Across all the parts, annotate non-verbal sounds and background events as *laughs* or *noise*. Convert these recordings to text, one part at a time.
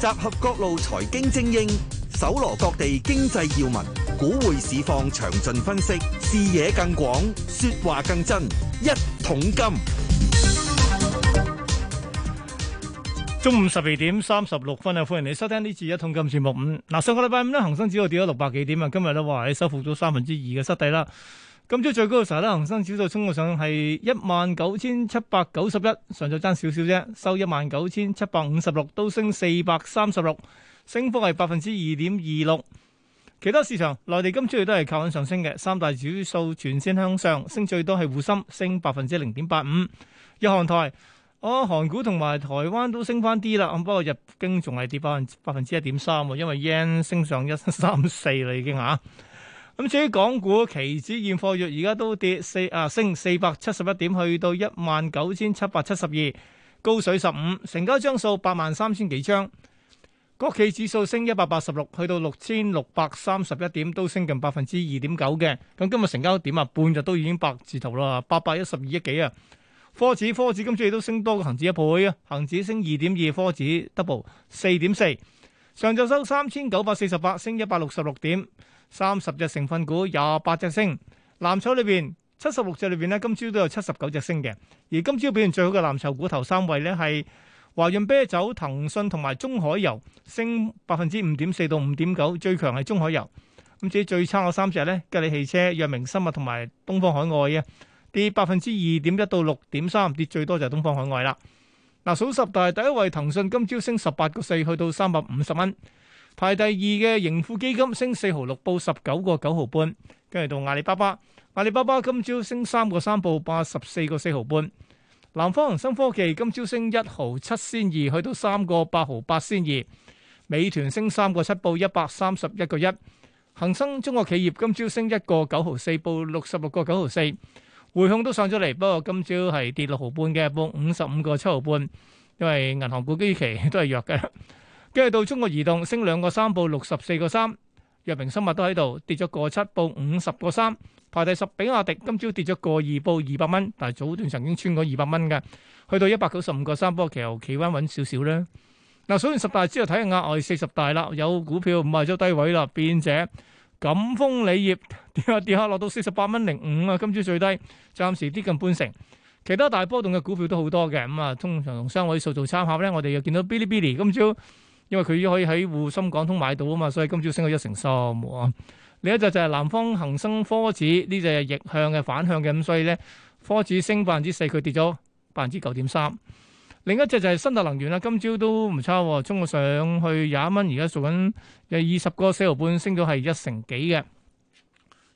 集合各路財經精英，搜羅各地經濟要聞，股匯市況詳盡分析，視野更廣，說話更真。一桶金。中午十二點三十六分啊，歡迎你收聽呢次一桶金節目。五。嗱，上個禮拜五咧，恒生指數跌咗六百幾點啊，今日都話，你收復咗三分之二嘅失地啦。今朝最高嘅時候咧，恒生指數衝到上係一萬九千七百九十一，上晝爭少少啫，收一萬九千七百五十六，都升四百三十六，升幅係百分之二點二六。其他市場，內地今朝亦都係靠穩上升嘅，三大指數全線向上，升最多係滬深，升百分之零點八五。日韓台，哦，韓股同埋台灣都升翻啲啦，咁不過日經仲係跌百分百分之一點三喎，因為 yen 升上一三四啦已經吓。咁至於港股期指現貨月，而家都跌四啊，升四百七十一點，去到一萬九千七百七十二，高水十五，成交張數八萬三千幾張。國企指數升一百八十六，去到六千六百三十一點，都升近百分之二點九嘅。咁今日成交點啊，半日都已經百字頭啦，八百一十二億幾啊。科指科指今次亦都升多過恒指一倍啊，恒指升二點二，科指 double 四點四。上晝收三千九百四十八，升一百六十六點。三十隻成分股廿八隻升，藍籌裏邊七十六隻裏邊咧，今朝都有七十九隻升嘅。而今朝表現最好嘅藍籌股頭三位咧，係華潤啤酒、騰訊同埋中海油，升百分之五點四到五點九，最強係中海油。咁至於最差嘅三隻咧，吉利汽車、藥明生物同埋東方海外啊，跌百分之二點一到六點三，跌最多就係東方海外啦。嗱，數十大第一位騰訊今朝升十八個四，去到三百五十蚊。排第二嘅盈富基金升四毫六，報十九個九毫半。跟住到阿里巴巴，阿里巴巴今朝升三個三，報八十四個四毫半。南方恒生科技今朝升一毫七仙二，去到三個八毫八仙二。美團升三個七，報一百三十一個一。恒生中國企業今朝升一個九毫四，報六十六個九毫四。匯控都上咗嚟，不過今朝係跌六毫半嘅，報五十五個七毫半。因為銀行股基期都係弱嘅。跟住到中國移動升兩個三報六十四個三，藥明生物都喺度跌咗個七報五十個三，排第十。比亞迪今朝跌咗個二報二百蚊，但係早段曾經穿過二百蚊嘅，去到一百九十五個三，不過其後企彎穩少少啦。嗱，數完十大之後睇下額外四十大啦，有股票賣咗低位啦，變者贛鋒鋰業跌下跌下落到四十八蚊零五啊，今朝最低，暫時跌近半成。其他大波動嘅股票都好多嘅，咁啊，通常同雙位數做參考咧，我哋又見到嗶哩嗶哩今朝。因為佢已經可以喺滬深港通買到啊嘛，所以今朝升到一成三。另一隻就係南方恒生科指，呢隻係逆向嘅反向嘅，咁所以咧，科指升百分之四，佢跌咗百分之九點三。另一隻就係新特能源啦，今朝都唔差，衝到上去廿蚊，而家做緊有二十個四毫半，升咗，係一成幾嘅。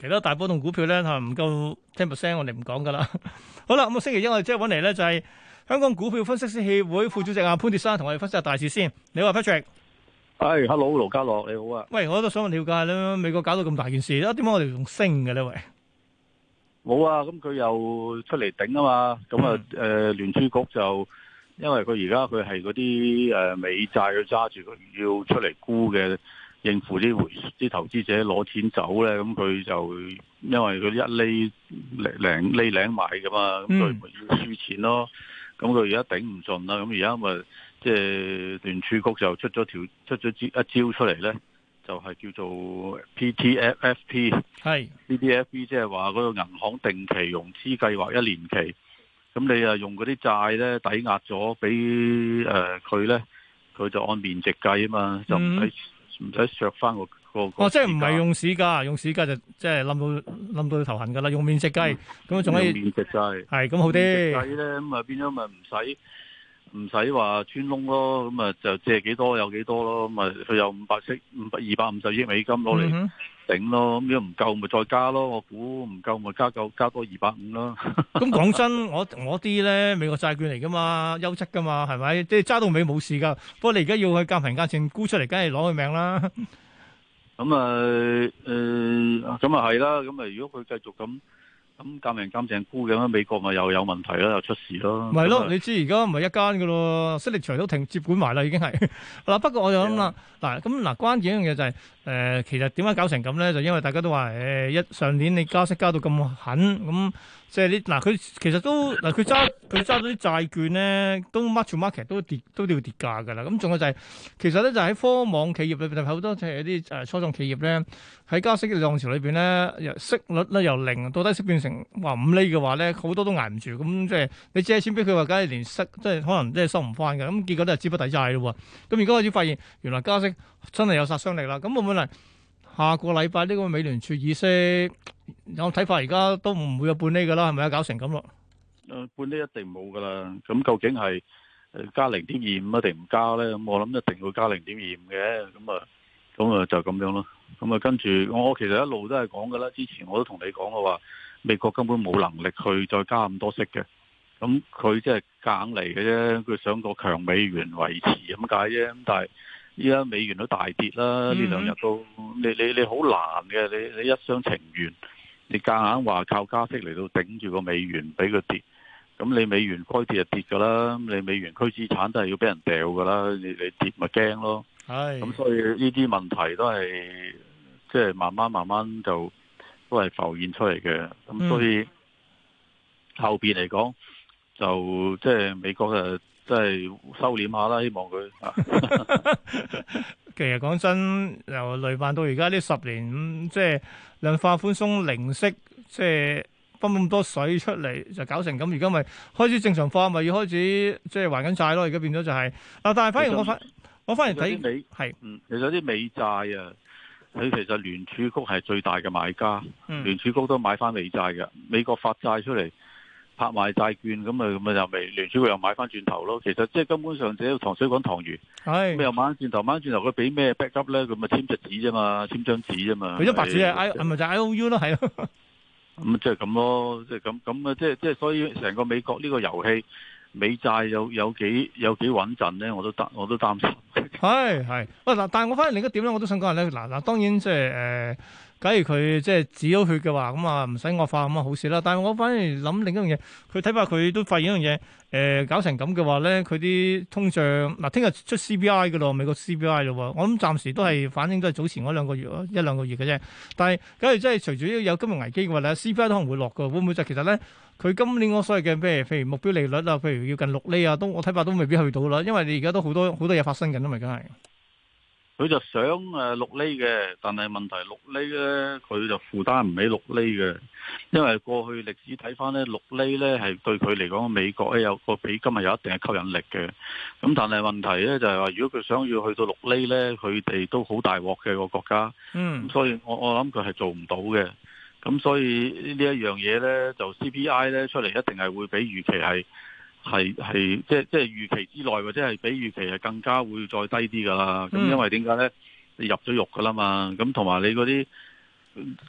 其他大波動股票咧，係唔夠 ten percent 我哋唔講噶啦。 *laughs* 好啦，咁啊星期一我哋即係搵嚟咧就係。香港股票分析師協會副主席阿潘鐵珊同我哋分析下大事先。你好啊 Patrick？誒，Hello，盧家樂你好啊。喂，我都想問條解。啦。美國搞到咁大件事，點、啊、解我哋仲升嘅呢？喂，冇啊，咁佢又出嚟頂啊嘛。咁、嗯、啊，誒、呃，聯儲局就因為佢而家佢係嗰啲誒美債佢揸住，佢要出嚟沽嘅，應付啲回啲投資者攞錢走咧。咁佢就因為佢一厘零零厘零買噶嘛，咁佢咪要輸錢咯。嗯咁佢而家頂唔順啦，咁而家咪即係聯儲局就出咗條出咗支，一招出嚟咧，就係、是、叫做 PTFP，係 PTFP，即係話嗰個銀行定期融資計劃一年期，咁你啊用嗰啲債咧抵押咗俾誒佢咧，佢就按面值計啊嘛，就唔使唔使削翻個。哦，即係唔係用市價，用市價就即係冧到冧到頭痕噶啦。用面值計，咁啊仲可以，係咁好啲。面值計咧，咁啊變咗咪唔使唔使話穿窿咯，咁啊就借幾多有幾多咯，咁啊佢有五百億五百二百五十億美金攞嚟頂咯，咁如果唔夠咪再加咯。我估唔夠咪加夠加多二百五咯。咁 *laughs* 講真，我我啲咧美國債券嚟噶嘛，優質噶嘛，係咪？即係揸到尾冇事噶。不過你而家要去交平價線沽出嚟，梗係攞佢命啦。咁、嗯嗯嗯、啊，誒、嗯，咁啊係啦，咁、嗯、啊、嗯，如果佢繼續咁，咁鑑人鑑淨沽嘅，咁，美國咪又有問題啦，又出事啦。咪、就、咯、是嗯，你知而家唔係一間嘅咯 Silvergate 都停接管埋啦，已經係。嗱， *laughs* 不過我就諗啦，嗱，咁嗱，關鍵一樣嘢就係、是，誒、呃，其實點解搞成咁咧？就因為大家都話，誒、欸，一上年你加息加到咁狠，咁。即係你嗱，佢其實都嗱，佢揸佢揸到啲債券咧，都 match market 都跌都要跌價㗎啦。咁仲有就係其實咧，就喺科網企業裏面，特別係好多即係一啲誒初創企業咧，喺加息嘅浪潮裏邊咧，由息率咧由零到底息變成話五厘嘅話咧，好多都捱唔住。咁即係你借錢俾佢話，梗係連息即係可能即係收唔翻嘅。咁結果都係資不抵債咯喎。咁而家開始發現，原來加息真係有殺傷力啦。咁會唔會嚟？下個禮拜呢個美聯儲議息有睇法，而家都唔會有半厘㗎啦，係咪啊？搞成咁咯？誒，半厘一定冇㗎啦。咁究竟係加零點二五一定唔加咧？咁我諗一定會加零點二五嘅。咁啊，咁啊就咁樣咯。咁啊跟住我其實一路都係講㗎啦。之前我都同你講嘅話，美國根本冇能力去再加咁多息嘅。咁佢即係硬嚟嘅啫，佢想個強美元維持咁解啫。咁但係。依家美元都大跌啦，呢、嗯、兩日都你你你好難嘅，你你，你，好難嘅你，你一廂情願，你夾硬話靠加息嚟到頂住個美元俾佢跌，咁你美元開跌就跌噶啦，你美元區資產都係要俾人掉噶啦，你你跌咪驚咯，咁、哎、所以呢啲問題都係即係慢慢慢慢就都係浮現出嚟嘅，咁所以、嗯、後邊嚟講就即係、即係、美國嘅。即係收斂下啦，希望佢。 *laughs* *laughs* 其實講真，由雷曼到而家呢十年，即係量化寬鬆、零息，即係分咁多水出嚟，就搞成咁。而家咪開始正常化，咪要開始即係還緊債咯。而家變咗就係嗱，但係反而我反我反而睇美係。嗯，其實啲美債啊，佢其實聯儲局係最大嘅買家、嗯，聯儲局都買翻美債嘅。美國發債出嚟。拍賣債券咁咪咁啊又咪聯儲會又買翻轉頭咯？其實即係根本上就塘水滾塘魚，咁又買翻轉頭，買翻轉頭佢俾咩 back up 咧？佢咪簽隻紙啫嘛，簽張紙啫嘛。佢白紙咪就係、I O U 咯，係。咁即係咁咯，即係咁咁啊，即係即係，所以成個美國呢個遊戲，美債有有幾有幾穩陣咧？我都擔，我都擔心。係係喂嗱，但係我反而另一點咧，我都想講咧嗱嗱，當然即係誒。呃假如佢即係止咗血嘅話，咁啊唔使惡化咁啊好事啦。但係我反而諗另一樣嘢，佢睇怕佢都發現一樣嘢，誒、呃、搞成咁嘅話咧，佢啲通脹嗱聽日出 CPI 嘅咯，美國 CPI 咯，我諗暫時都係反映都係早前嗰兩個月咯，一兩個月嘅啫。但係假如真係隨住有金融危機嘅話咧，CPI 都可能會落嘅，會唔會就係、其實咧佢今年嗰所謂嘅咩，譬如目標利率啊，譬如要近六厘啊，都我睇法都未必去到啦，因為你而家都好多好多嘢發生緊啦，嘛，梗係。佢就想誒六厘嘅，但係問題六厘咧，佢就負擔唔起六厘嘅，因為過去歷史睇返咧，六厘咧係對佢嚟講，美國咧有個比今日有一定嘅吸引力嘅。咁但係問題咧就係話，如果佢想要去到六厘咧，佢哋都好大鑊嘅個國家。嗯，所以我我諗佢係做唔到嘅。咁所以一呢一樣嘢咧，就 CPI 咧出嚟一定係會比預期係。係係即係即係預期之內，或者係比預期係更加會再低啲噶啦。咁因為點解咧？你入咗肉噶啦嘛。咁同埋你嗰啲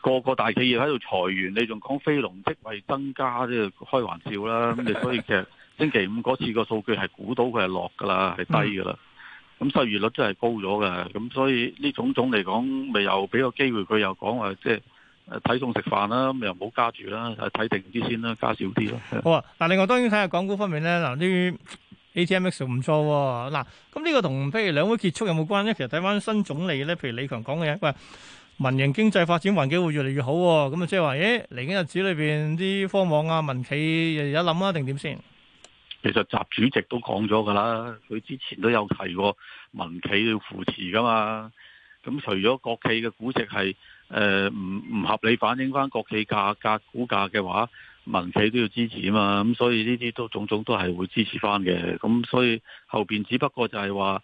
個個大企業喺度裁員，你仲講非農職位增加，即係開玩笑啦。咁你所以其實星期五嗰次個數據係估到佢係落噶啦，係低噶啦。咁失業率真係高咗噶。咁所以呢種種嚟講，咪又俾個機會佢又講話即係。即係誒，睇餸食飯啦，咁又唔好加住啦，睇定啲先啦，加少啲咯。好啊，嗱，另外當然睇下港股方面咧，嗱呢啲 ATMX 唔錯喎，嗱、啊，咁呢個同譬如兩會結束有冇關咧？其實睇返新總理咧，譬如李強講嘅嘢，喂，民營經濟發展環境會越嚟越好喎、哦，咁啊即係話，咦，嚟緊日子裏邊啲科網啊、民企又有冇諗啊？定點先？其實習主席都講咗㗎喇，佢之前都有提過民企要扶持㗎嘛，咁除咗國企嘅估值係。誒、呃，唔唔合理，反映翻國企價格股價嘅話，民企都要支持吖嘛。咁所以呢啲都種種都係會支持翻嘅。咁所以後邊只不過就係話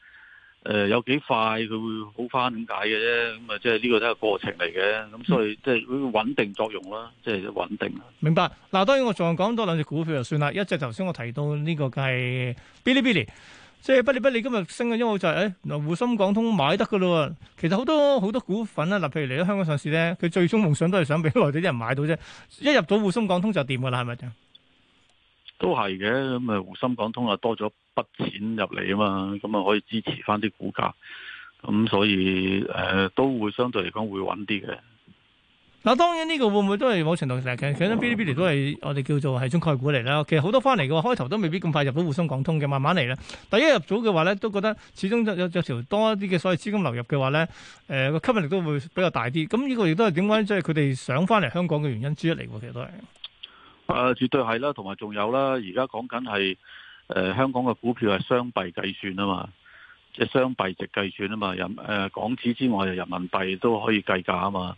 誒，有幾快佢會好翻，點解嘅啫。咁啊，即係呢個都係過程嚟嘅。咁所以即係穩定作用啦，即係穩定。明白嗱。當然我仲講多兩隻股票就算啦。一隻頭先我提到呢個係 Bilibili。Bili Bili 即係不理不理，今日升嘅，因為就係誒嗱，滬深港通買得嘅咯喎。其實好多好多股份啦，嗱，譬如嚟咗香港上市咧，佢最終夢想都係想俾內地啲人買到啫。一入到滬深港通就掂嘅啦，係咪啊？都係嘅，咁啊滬深港通啊多咗筆錢入嚟啊嘛，咁啊可以支持翻啲股價，咁所以誒、呃、都會相對嚟講會穩啲嘅。嗱，當然呢個會唔會都係某程度上，其講緊 Bilibili 都係我哋叫做係中概念股嚟啦。其實好多翻嚟嘅話，開頭都未必咁快入到互相講通嘅，慢慢嚟啦。但一入咗嘅話咧，都覺得始終有有有條多一啲嘅所謂資金流入嘅話咧，誒、呃、個吸引力都會比較大啲。咁呢個亦都係點解，即係佢哋想翻嚟香港嘅原因之一嚟喎，其實都係。誒、啊，絕對係啦，同埋仲有啦。而家講緊係誒香港嘅股票係雙幣計算啊嘛，即係雙幣值計算啊嘛。人、呃、誒港紙之外，又人民幣都可以計價啊嘛。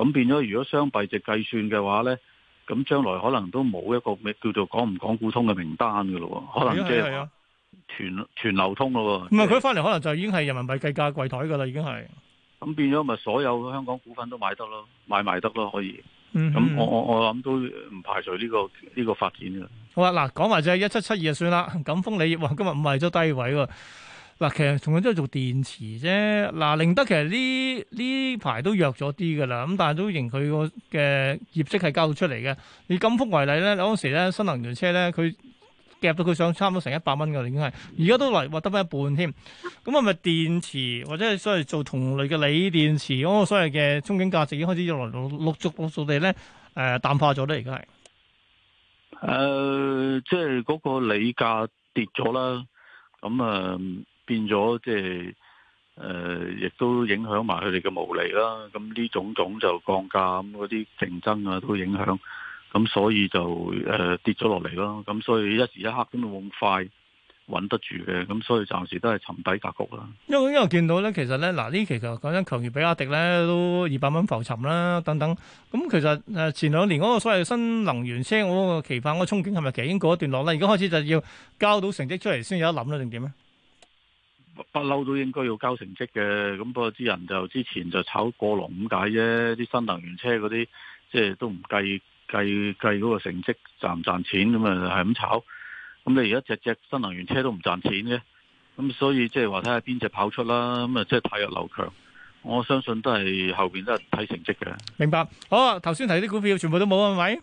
咁變咗，如果雙幣值計算嘅話咧，咁將來可能都冇一個咩叫做講唔講股通嘅名單嘅咯喎，可能即係全全流通咯喎。唔係佢翻嚟可能就已經係人民幣計價櫃台嘅啦，已經係。咁變咗咪所有香港股份都買得咯，買埋得咯，可以。咁、嗯嗯、我我我諗都唔排除呢、呢個呢、呢個發展嘅。好啊，嗱講埋就係一七七二就算啦。錦豐你哇，今日唔係咗低位喎。嗱，其實同樣都係做電池啫。嗱，寧德其實呢呢排都弱咗啲噶啦，咁但係都仍佢個嘅業績係交到出嚟嘅。以金峯為例咧，嗰陣時咧新能源車咧，佢夾到佢想差唔多成一百蚊噶，已經係而家都嚟話得返一半添。咁係咪電池或者係所謂做同類嘅鋰電池？嗰個所謂嘅憧憬價值已經開始逐來陸續陸續地咧誒淡化咗咧，而家係誒即係嗰個鋰價跌咗啦，咁啊～、呃變咗，即係誒，亦都影響埋佢哋嘅毛利啦。咁呢種種就降價，咁嗰啲競爭啊，都影響咁，所以就誒跌咗落嚟囉。咁所以一時一刻都冇咁快穩得住嘅。咁所以暫時都係沉底格局啦。因為因為見到咧，其實咧嗱呢期其實講緊強如比亞迪咧都二百蚊浮沉啦。等等咁，其實誒前兩年嗰個所謂新能源車嗰個期盼個憧憬係咪已經過一段落啦？而家開始就要交到成績出嚟先有得諗啦，定點咧？不嬲都應該要交成績嘅，咁不過啲人就之前就炒過龍咁解啫，啲新能源車嗰啲即係都唔計計計嗰個成績賺唔賺錢咁啊，係咁炒。咁你而家隻隻新能源車都唔賺錢啫，咁所以即係話睇下邊隻跑出啦。咁啊，即係汰弱留強，我相信都係後邊都係睇成績嘅。明白。好，啊，頭先提啲股票全部都冇呀，係咪？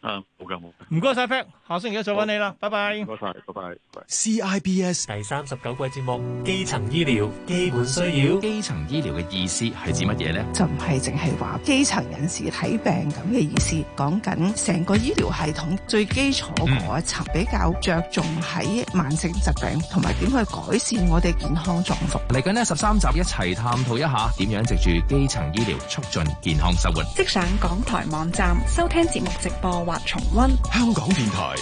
啊，冇㗎，冇。唔該晒，Pat。謝謝我星期一再揾你啦，拜拜。唔該晒，拜拜。CIBS 第三十九季節目《基層醫療基本需要》，基層醫療嘅意思係指乜嘢咧？就唔係淨係話基層人士睇病咁嘅意思，講緊成個醫療系統最基礎嗰一層，比較着重喺慢性疾病同埋點去改善我哋健康狀況。嚟緊呢十三集一齊探討一下，點樣藉住基層醫療促進健康生活。即上港台網站收聽節目直播或重溫香港電台。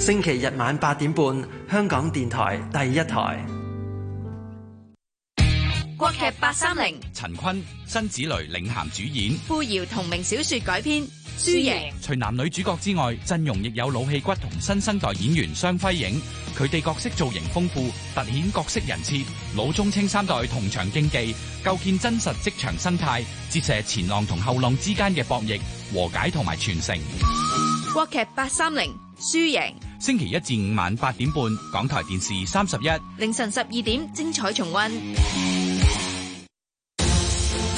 星期日晚八點半，香港電台第一台。國劇八三零，陳坤、辛芷蕾領銜主演，傅瑤同名小說改編。輸贏。除男女主角之外，陣容亦有老戲骨同新生代演員雙輝映。佢哋角色造型豐富，凸顯角色人設。老中青三代同場競技，構建真實職場生態，折射前浪同後浪之間嘅博弈、和解同埋傳承。國劇八三零，輸贏。星期一至五晚八點半，港台電視三十一；凌晨十二點，精彩重溫。